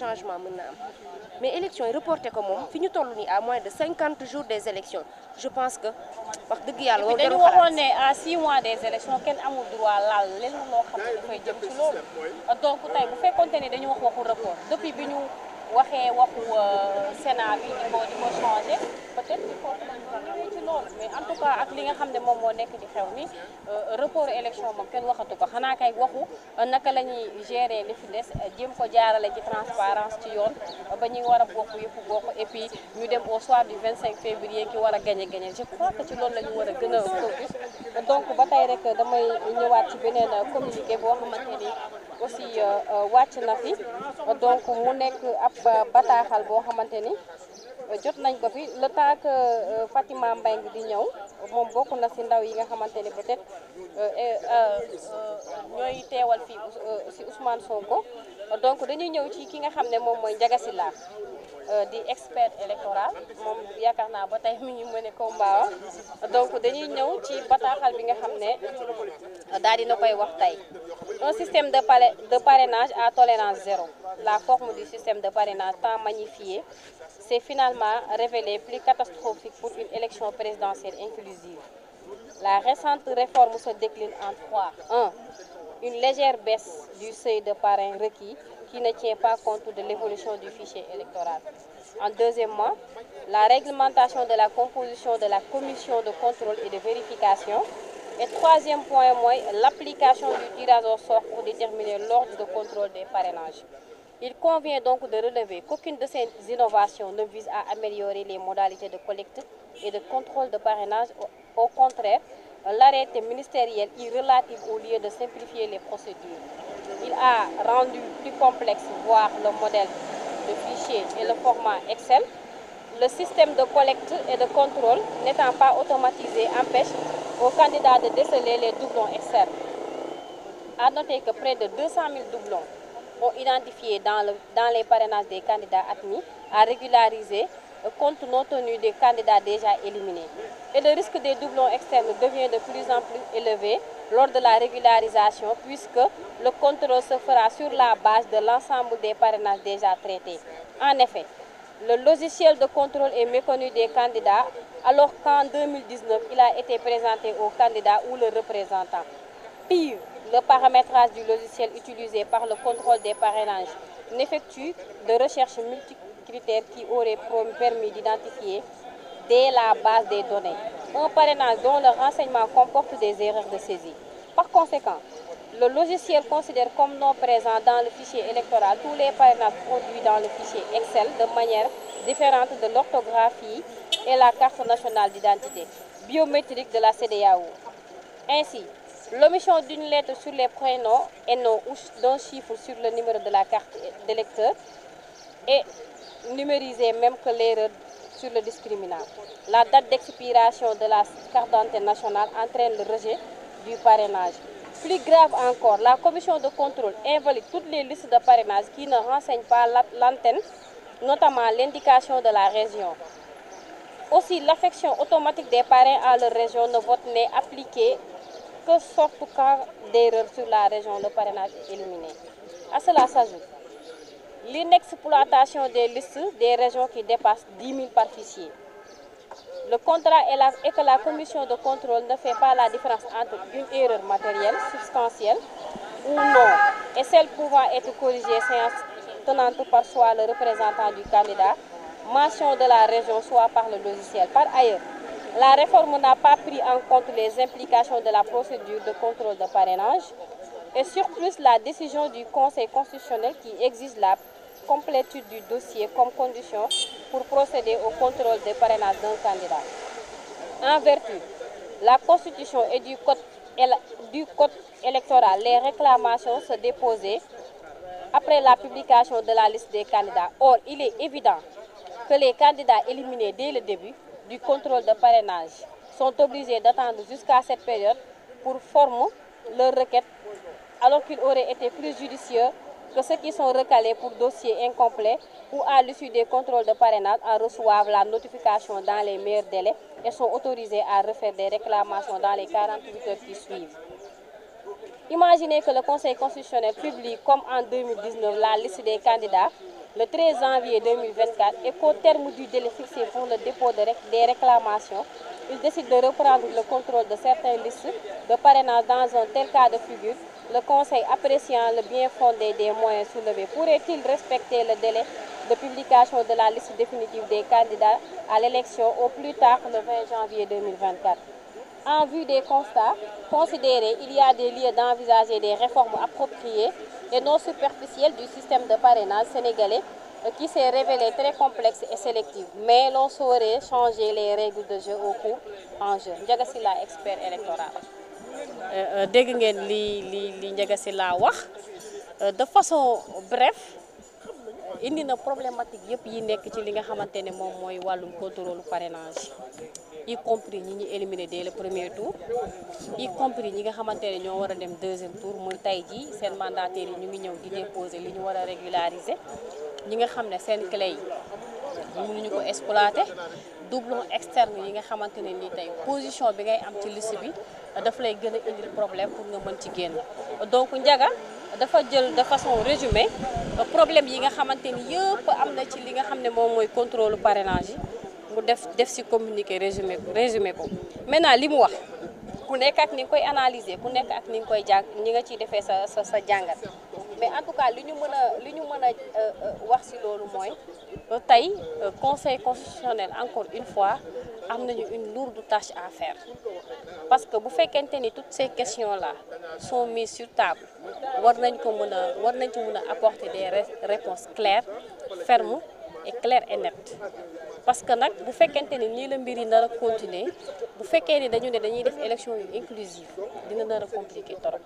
changement mën na am mais élection yi reporté ko moom fi ñu toll nii à moins de cinquante jours des élections je pense que wax dëgg yàlla. war dañu waxoon ne à six mois des élections kenn amul droit laal lenn loo xam ne dafay jëm ci loolu donc tey bu fekkonte ne dañu wax waxu report depuis bi ñu. waxee waxu euh, Sénat bi di ko di ko changé peut-être il faut ci loolu mais en tout cas ak li nga xam ne moom moo nekk di xew ni euh, report élection moom kenn waxatu ko xanaa kay waxu euh, naka la ñuy gérer li fi des jéem ko jaarale ci transparence ci yoon ba ñuy war a bokk yëpp bokk et puis ñu dem au soir du 25 février ki war a gagné gagné je crois que ci loolu la ñu a gën a focus donc ba tey rek damay ñëwaat ci beneen communiqué boo xamante ni aussi wàcc na fi donc ba bataaxal boo xamante ni euh, jot nañ ko fi le temps que euh, Fatima Mbengue di ñëw moom bokk na ci ndaw yi nga xamante ni peut-être euh, ñooy teewal fii ci Ousmane Sonko donc dañuy ñëw ci ki nga xam ne moom mooy Ndiaga di expert électoral yaakaar naa ba tey mi ñu mën donc dañuy ñëw ci bataaxal bi nga xam ne daal dina koy wax tey un système de parrainage à tolérance zéro la forme du système de parrainage tant magnifié s'est finalement révélée plus catastrophique pour une élection présidentielle inclusive. La récente réforme se décline en trois. 1. Une légère baisse du seuil de parrain requis qui ne tient pas compte de l'évolution du fichier électoral. En deuxièmement, la réglementation de la composition de la commission de contrôle et de vérification. Et troisième point, l'application du tirage au sort pour déterminer l'ordre de contrôle des parrainages. Il convient donc de relever qu'aucune de ces innovations ne vise à améliorer les modalités de collecte et de contrôle de parrainage. Au contraire, l'arrêté ministériel est relatif au lieu de simplifier les procédures. Il a rendu plus complexe, voire le modèle de fichier et le format Excel. Le système de collecte et de contrôle n'étant pas automatisé empêche aux candidats de déceler les doublons externes. À noter que près de 200 000 doublons ont identifié dans, le, dans les parrainages des candidats admis à régulariser compte non tenu des candidats déjà éliminés. Et le risque des doublons externes devient de plus en plus élevé lors de la régularisation puisque le contrôle se fera sur la base de l'ensemble des parrainages déjà traités. En effet, le logiciel de contrôle est méconnu des candidats alors qu'en 2019, il a été présenté aux candidats ou le représentant. le paramétrage du logiciel utilisé par le contrôle des parrainages n'effectue de recherches multicritères qui auraient permis d'identifier dès la base des données un parrainage dont le renseignement comporte des erreurs de saisie. Par conséquent, le logiciel considère comme non présent dans le fichier électoral tous les parrainages produits dans le fichier Excel de manière différente de l'orthographie et la carte nationale d'identité biométrique de la CDAO. L'omission d'une lettre sur les prénoms et noms ou d'un chiffre sur le numéro de la carte d'électeur est numérisée même que l'erreur sur le discriminant. La date d'expiration de la carte d'identité nationale entraîne le rejet du parrainage. Plus grave encore, la commission de contrôle invalide toutes les listes de parrainage qui ne renseignent pas l'antenne, notamment l'indication de la région. Aussi, l'affection automatique des parrains à leur région ne que sorte cas d'erreur sur la région, le parrainage est éliminé. À cela s'ajoute l'inexploitation des listes des régions qui dépassent 10 000 par fichier. Le contrat est, là, et que la commission de contrôle ne fait pas la différence entre une erreur matérielle, substantielle ou non, et celle pouvant être corrigée séance tenante par soit le représentant du candidat, mention de la région, soit par le logiciel. Par ailleurs, La réforme n'a pas pris en compte les implications de la procédure de contrôle de parrainage et surplus la décision du Conseil constitutionnel qui exige la complétude du dossier comme condition pour procéder au contrôle de parrainage d'un candidat. En vertu, la Constitution et du Code, du code électoral, les réclamations se déposaient après la publication de la liste des candidats. Or, il est évident que les candidats éliminés dès le début du contrôle de parrainage sont obligés d'attendre jusqu'à cette période pour former leur requête, alors qu'il aurait été plus judicieux que ceux qui sont recalés pour dossiers incomplets ou à l'issue des contrôles de parrainage en reçoivent la notification dans les meilleurs délais et sont autorisés à refaire des réclamations dans les 48 heures qui suivent. Imaginez que le Conseil constitutionnel publie, comme en 2019, la liste le 13 janvier 2024 et qu'au terme du délai fixé pour le dépôt de réc des réclamations, il décide de reprendre le contrôle de certaines listes de parrainage dans un tel cas de figure, le Conseil appréciant le bien fondé des moyens soulevés, pourrait-il respecter le délai de publication de la liste définitive des candidats à l'élection au plus tard le 20 janvier 2024 En vue des constats considérés, il y a des lieux d'envisager des réformes appropriées et non superficielle du système de parrainage sénégalais euh, qui s'est révélé très complexe et sélectif. Mais l'on saurait changer les règles de jeu au cours en jeu. Ndiaga Sylla expert électoral. Euh, euh, dégg li li li Ndiaga Sylla wax de façon bref indi na problématique yëpp yi nekk ci li nga xamante ne moom mooy wàllum contrôle parrainage y compris ñi ñu éliminer de le premier tour y compris ñi nga xamante ne ñoo war a dem deuxième tour muy tey jii seen mandataires yi ñu ngi ñëw di déposer li ñu war a régulariser ñi nga xam ne seen clé yi ñu ko exploité doublon externe yi nga xamante ne nii tey position bi ngay am ci liste bi daf lay gën a indil problème pour nga mën ci génn donc njaga dafa jël de façon résumée euh, problème yi nga xamante ni yëpp am na ci li nga xam ne moom mooy contrôle parrainage yi mu def def ci communiqué résumé résumé ko maintenant li mu wax ku nekk ak ni nga koy analyser ku nekk ak ni nga koy jàng ni nga ciy defee sa sa sa jàngat mais en tout cas li ñu mën a li ñu mën a euh, euh, wax si loolu mooy tey conseil constitutionnel encore une fois am nañu une lourde tache à faire parce que bu fekkente ni toutes ces questions là sont mises sur table war nañ ko mën a war nañ ci mën a apporter des réponses claires fermes et claires et nettes parce que nag bu fekkente ni lii la mbir yi nar a continuer bu fekkee ni dañu ne dañuy def élection yu inclusive dina nar a compliqué torop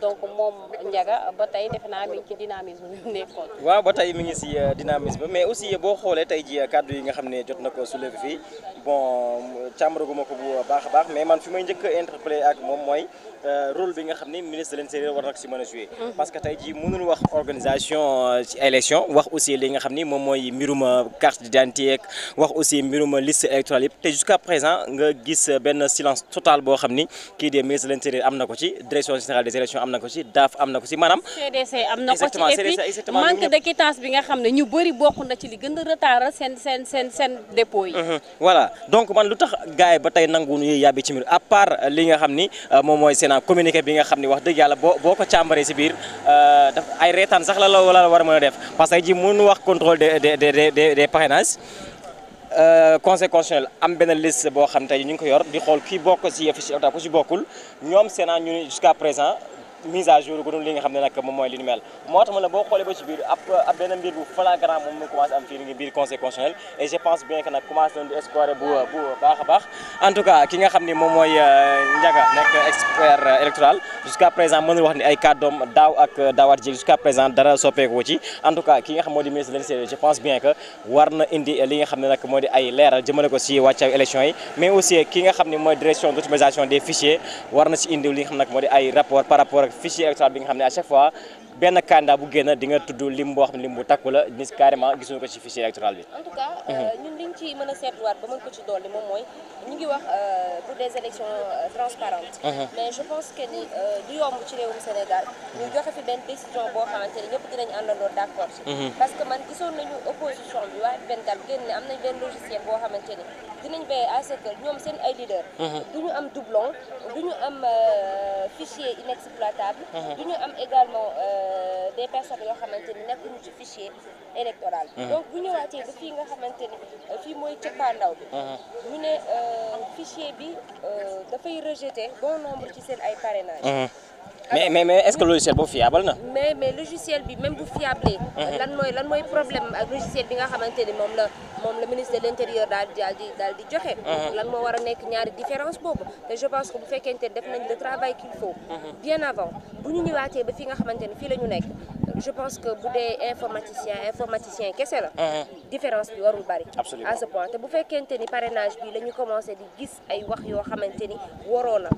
donc moom Ndiaga ba tey defe naa mi ngi ci dynamisme bi mu nekkoon. waaw ba tey mi ngi si euh, dynamisme mais aussi boo xoolee tey ji euh, kàddu yi nga xam ne jot na ko soulevé fii bon càmbaraguma ko bu baax a baax mais man fi may njëkk a interpellé ak moom mooy. Euh, rôle bi nga xam ne ministre l'intérieur war na ko si mën a joué parce que tey jii mënul wax organisation euh, élection wax aussi li nga xam ni moom mooy mbirum euh, carte d'identité wax aussi mbirum liste électorale yëpp te jusqu'à présent nga gis benn silence total boo xam ni kii des ministre l'intérieur am na ko ci direction générale des élections am na ko ci DAF am na ko ci maanaam CDC am na ko ci et puis manque de quittance a maanaam communiqué bi nga xam ni wax dëgg yàlla boo ko càmbaree si biir euh, ay reetaan sax la la la war a mën def parce que ji mënu wax contrôle des des des des parrainages euh, conseil constitutionnel am benn liste boo xam tey ñu ngi ko yor di xool ki bokk si fichier électoral ku si bokkul ñoom Sénat ñu jusqu'à présent mise à jour gënul li nga xam ne nag mooy li moo tax ma ne boo xoolee ba ci biir ab ab benn mbir bu moom mu commencé am fii ngi biir conseil constitutionnel je pense bien que nag a ki nga xam ne moom mooy euh, Ndiaga nekk expert euh, euh, ministre de je pense bien que war indi li nga xam ne nag moo ay leeral jëmale ko si wàccaw élection yi mais aussi ki nga xam ne mooy direction d'automatisation des fichiers war na indi li nga xam ne nag moo di ay rapport par rapport fichier électoral bi nga xam ne à chaque fois benn kandaa bu génn di nga tudd lim xam ne lim bu takku la ni carrément gisuñu ko ci fichier électoral bi. en tout cas euh, mhm. ñun liñ ci mën a seetluwaat ba mën ko ci dolli moom mooy ñu ngi wax euh, pour des élections euh, transparentes. Mhm. mais je pense que ni du yomb ci réewum Sénégal. ñu joxe fi benn décision boo xamante ne ñëpp dinañ àndandoo d' accord ci. Mhm. parce que man gisoon benn logiciel boo xamante ni dinañ ñu am doublon du table. du ñu am également euh, des personnes yoo xamante ni nekkuñu ci fichier électoral. donc bu ñëwaatee ba fii nga xamante euh, fii mooy cëppaandaw bi. ñu ne euh, fichier bi dafay rejeter bon nombre ci seen ay parrainage. mais mais mais est-ce que logiciel boobu fiable na. mais mais logiciel bi même bu fiable. Mhm. lan mooy lan mooy problème ak logiciel bi nga xamante ni moom la moom la ministre de l'intérieur daal di daal di daal di joxe. Mhm. lan moo war a nekk ñaari différence boobu te je pense que bu fekkente def nañ le travail qu'il faut. Mhm. bien avant bu ñu ñëwaatee ba fi nga xamante ni fii la ñu nekk. je pense que bu dee informaticien informaticien kese la. différence bi warul bari. à ce point te bu fekkente ni parrainage bi la ñu commencé di gis ay wax yoo xamante ni waroo na.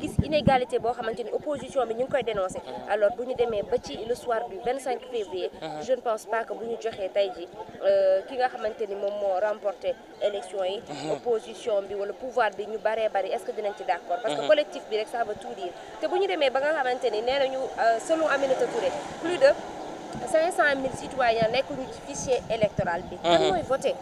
di gis inégalité boo xamante ni opposition bi ñu ngi koy dénoncé. alors bu ñu demee ba ci le soir du 25 février. je ne pense pas que bu ñu joxee tey ji euh, ki nga xamante ni moom moo remporté élection yi. opposition bi wala pouvoir bi ñu baree bari est-ce que dinañ ci bi rek ça veut cinq cent mille citoyens nekkul ci fichier électoral bi mhm. kan mooy voté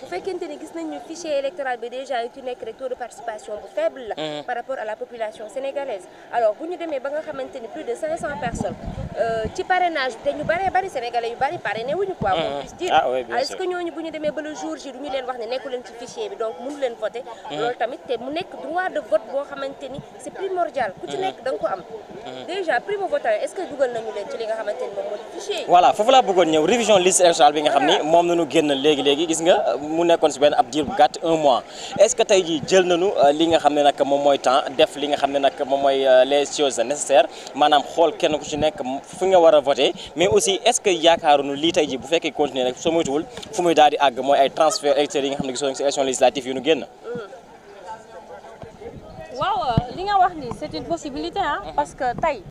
bu fekkente ni gis nañu fichier électoral bi déjà yu ci nekk rek taux de participation bu faible la mhm. par rapport à la population sénégalaise alors bu ñu demee ba nga xamante ni plus de cinq cent personnes Euh, ci parenage bi te ñu bëree bëri sénégalais yu bëri parrainé wuñu quoi. on puisse dire est-ce que ñooñu bu ñu demee ba le jour J du ñu leen wax ne nekku leen ci fichier bi donc mënu leen voté. Mm-hmm. loolu tamit te mu nekk droit de vote boo xamante ni c'est primordial. ku ci mm-hmm. nekk da ko am. Mm-hmm. déjà primo votant est-ce que dugal nañu leen ci li nga xamante ni moom moo di yi. voilà foofu laa bëggoon ñëw révision liste électorale bi nga xam ni moom nañu génn léegi léegi gis nga mu nekkoon si ab diir bu un mois est-ce que tey jii jël nañu euh, li nga xam ne nag moom mooy temps def li nga xam ne nag moom mooy euh, les choses nécessaires maanaam xool kenn ku ci nekk fu nga war a voté mais aussi est ce que yaakaarunu lii tey ji bu fekkee continuer rek soo moytuwul fu muy daal di àgg mooy ay transfert électeurs yi nga xam ne gisoon si élection législative nu génn waaw li nga wax ni c'est une possibilité parce que tey